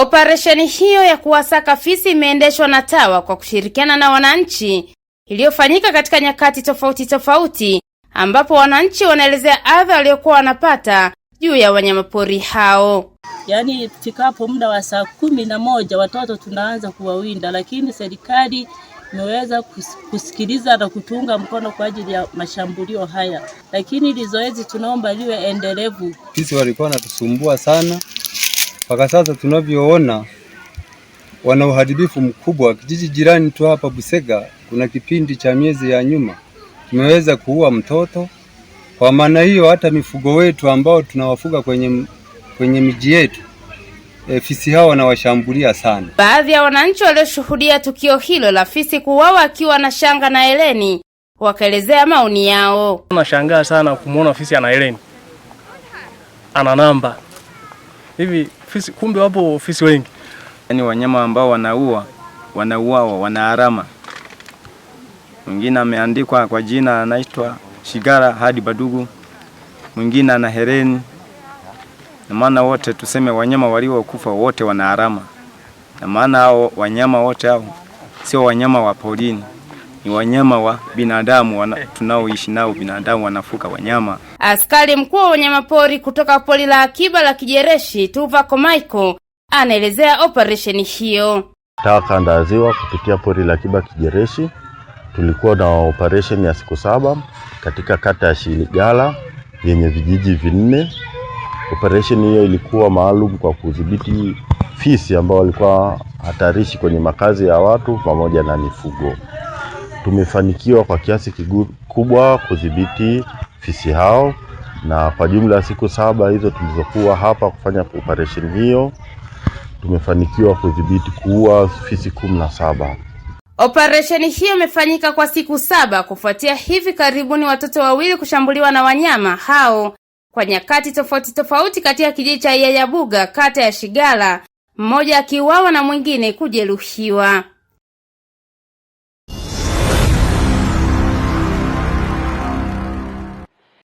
Operesheni hiyo ya kuwasaka fisi imeendeshwa na TAWA kwa kushirikiana na wananchi, iliyofanyika katika nyakati tofauti tofauti, ambapo wananchi wanaelezea adha waliokuwa wanapata juu ya wanyamapori hao. Yaani ifikapo muda wa saa kumi na moja watoto tunaanza kuwawinda, lakini serikali imeweza kusikiliza na kutunga mkono kwa ajili ya mashambulio haya, lakini ili zoezi tunaomba liwe endelevu. Sisi walikuwa wanatusumbua sana mpaka sasa tunavyoona wana uharibifu mkubwa. Kijiji jirani tu hapa Busega, kuna kipindi cha miezi ya nyuma tumeweza kuua mtoto. Kwa maana hiyo hata mifugo wetu ambao tunawafuga kwenye, kwenye miji yetu e, fisi hao wanawashambulia sana. Baadhi ya wananchi walioshuhudia tukio hilo la fisi kuuawa akiwa na shanga na eleni wakaelezea maoni yao. Nashangaa sana kumwona fisi ana eleni, ana namba hivi Fisi, kumbe wapo fisi wengi. Yaani wanyama ambao wanaua, wanauawa, wana harama. Mwingine ameandikwa kwa jina anaitwa Shigara hadi Badugu, mwingine ana hereni. Na maana wote tuseme wanyama waliokufa wote wana harama, na maana hao wanyama wote hao sio wanyama wa porini, ni wanyama wa binadamu tunaoishi nao, binadamu wanafuka wanyama Askari mkuu wa wanyamapori kutoka pori la akiba la Kijereshi Tuvako Michael anaelezea operesheni hiyo. Kutoka ya ziwa kupitia pori la akiba Kijereshi, tulikuwa na operesheni ya siku saba katika kata ya Shiligala yenye vijiji vinne. Operesheni hiyo ilikuwa maalum kwa kudhibiti fisi ambao walikuwa hatarishi kwenye makazi ya watu pamoja na mifugo. Tumefanikiwa kwa kiasi kikubwa kudhibiti fisi hao, na kwa jumla ya siku saba hizo tulizokuwa hapa kufanya operesheni hiyo tumefanikiwa kudhibiti kuua fisi kumi na saba. Operesheni hiyo imefanyika kwa siku saba kufuatia hivi karibuni watoto wawili kushambuliwa na wanyama hao kwa nyakati tofauti tofauti katika kijiji cha Yayabuga kata ya Shigala, mmoja akiuawa na mwingine kujeruhiwa.